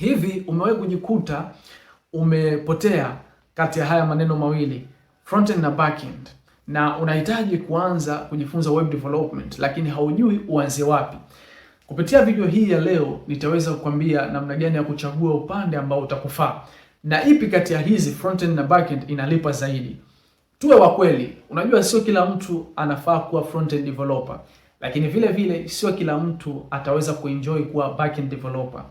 Hivi umewahi kujikuta umepotea kati ya haya maneno mawili frontend na backend, na unahitaji kuanza kujifunza web development, lakini haujui uanze wapi? Kupitia video hii ya leo nitaweza kukwambia namna gani ya kuchagua upande ambao utakufaa na ipi kati ya hizi frontend na backend inalipa zaidi. Tuwe wa kweli, unajua sio kila mtu anafaa kuwa frontend developer, lakini vile vile sio kila mtu ataweza kuenjoy kuwa backend developer.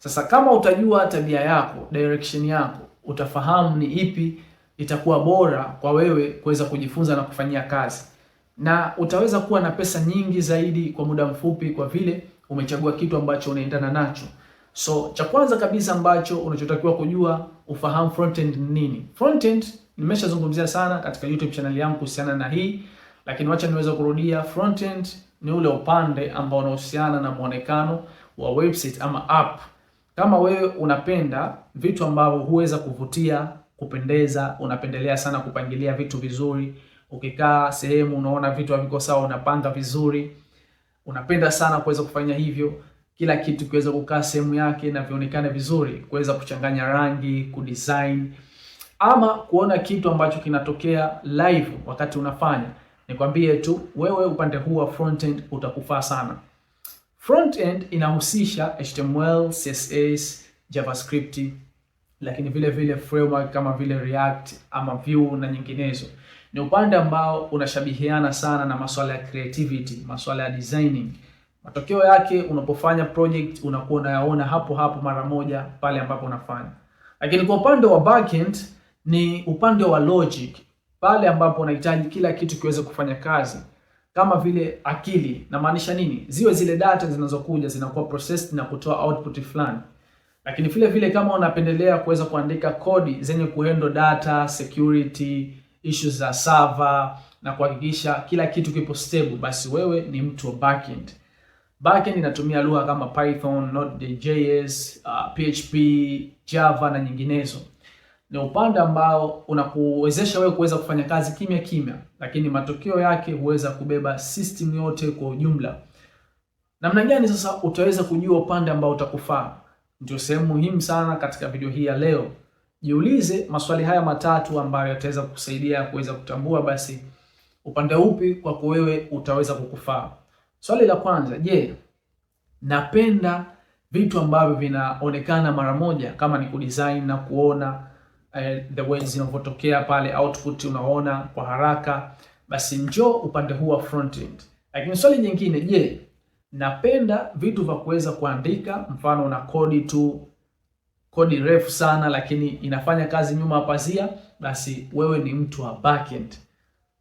Sasa kama utajua tabia yako, direction yako, utafahamu ni ipi itakuwa bora kwa wewe kuweza kujifunza na kufanyia kazi, na utaweza kuwa na pesa nyingi zaidi kwa muda mfupi, kwa vile umechagua kitu ambacho unaendana nacho. So cha kwanza kabisa ambacho unachotakiwa kujua, ufahamu frontend ni nini. Frontend nimeshazungumzia sana katika YouTube channel yangu kuhusiana na hii, lakini wacha niweza kurudia. Frontend ni ule upande ambao unahusiana na mwonekano wa website ama app kama wewe unapenda vitu ambavyo huweza kuvutia, kupendeza, unapendelea sana kupangilia vitu vizuri, ukikaa sehemu unaona vitu haviko sawa, unapanga vizuri, unapenda sana kuweza kufanya hivyo, kila kitu kiweza kukaa sehemu yake na vionekane vizuri, kuweza kuchanganya rangi, kudesign ama kuona kitu ambacho kinatokea live wakati unafanya, nikwambie tu wewe, upande huu wa frontend utakufaa sana. Frontend inahusisha HTML, CSS, JavaScript lakini vile vile framework kama vile React ama Vue na nyinginezo. Ni upande ambao unashabihiana sana na masuala ya creativity, masuala ya designing. Matokeo yake unapofanya project unakuwa unayaona hapo hapo mara moja pale ambapo unafanya. Lakini kwa upande wa backend ni upande wa logic, pale ambapo unahitaji kila kitu kiweze kufanya kazi kama vile akili. Namaanisha nini? Ziwe zile data zinazokuja zinakuwa processed na kutoa output fulani, lakini vile vile kama unapendelea kuweza kuandika kodi zenye kuhandle data security issues za server na kuhakikisha kila kitu kipo stable, basi wewe ni mtu wa backend. Backend inatumia lugha kama Python, Node.js, uh, PHP, Java na nyinginezo ni upande ambao unakuwezesha wewe kuweza kufanya kazi kimya kimya, lakini matokeo yake huweza kubeba system yote kwa ujumla. Namna gani sasa utaweza kujua upande ambao utakufaa? Ndio sehemu muhimu sana katika video hii ya leo. Jiulize maswali haya matatu ambayo yataweza kukusaidia kuweza kutambua basi upande upi kwa kuwewe utaweza kukufaa. Swali la kwanza, je, napenda vitu ambavyo vinaonekana mara moja kama ni kudesign na kuona eh, the way zinavyotokea pale output unaona kwa haraka, basi njo upande huu wa front end. Lakini swali nyingine, je, napenda vitu vya kuweza kuandika, mfano una kodi tu kodi refu sana, lakini inafanya kazi nyuma ya pazia, basi wewe ni mtu wa backend.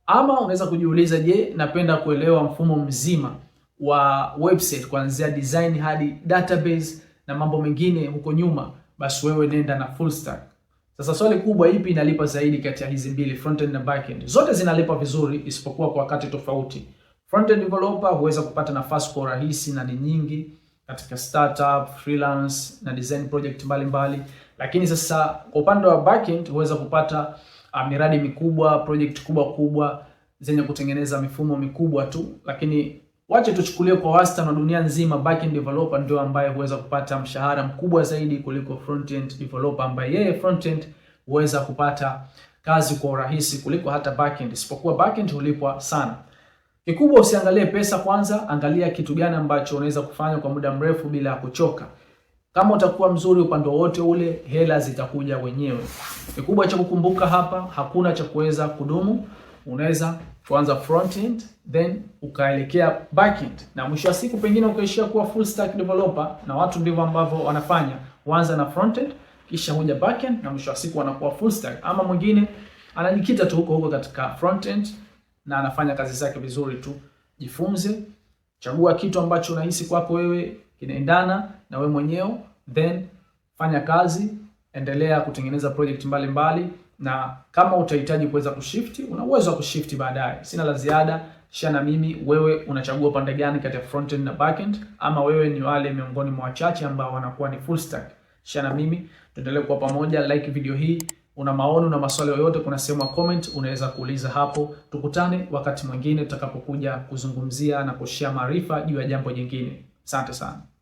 Ama unaweza kujiuliza, je, napenda kuelewa mfumo mzima wa website kuanzia design hadi database na mambo mengine huko nyuma, basi wewe nenda na full stack. Sasa swali kubwa, ipi inalipa zaidi kati ya hizi mbili, end na end? Zote zinalipa vizuri, isipokuwa kwa wakati tofauti. end developer huweza kupata nafasi kwa urahisi na ni nyingi katika startup, freelance na design project mbalimbali mbali. Lakini sasa kwa upande wa end huweza kupata uh, miradi mikubwa, project kubwa kubwa zenye kutengeneza mifumo mikubwa tu, lakini Wacha tuchukulie kwa wastani wa dunia nzima, backend developer ndio ambaye huweza kupata mshahara mkubwa zaidi kuliko frontend developer, ambaye yeye frontend huweza kupata kazi kwa urahisi kuliko hata backend, isipokuwa backend hulipwa sana. Kikubwa usiangalie pesa kwanza, angalia kitu gani ambacho unaweza kufanya kwa muda mrefu bila kuchoka. Kama utakuwa mzuri upande wote ule, hela zitakuja wenyewe. Kikubwa cha kukumbuka hapa, hakuna cha kuweza kudumu, unaweza kuanza front end then ukaelekea back end, na mwisho wa siku pengine ukaishia kuwa full stack developer, na watu ndivyo ambavyo wanafanya, huanza na front end kisha huja back end, na mwisho wa siku wanakuwa full stack. Ama mwingine anajikita tu huko huko katika front end na anafanya kazi zake vizuri tu. Jifunze, chagua kitu ambacho unahisi kwako wewe kinaendana na wewe mwenyewe, then fanya kazi, endelea kutengeneza project mbalimbali mbali na kama utahitaji kuweza kushift, una uwezo wa kushift baadaye. Sina la ziada, share na mimi wewe unachagua pande gani kati ya front end na back end, ama wewe ni wale miongoni mwa wachache ambao wanakuwa ni full stack. Share na mimi tuendelee kuwa pamoja, like video hii. Una maoni, una maswali yoyote, kuna sehemu ya comment unaweza kuuliza hapo. Tukutane wakati mwingine tutakapokuja kuzungumzia na kushare maarifa juu ya jambo jingine. Asante sana.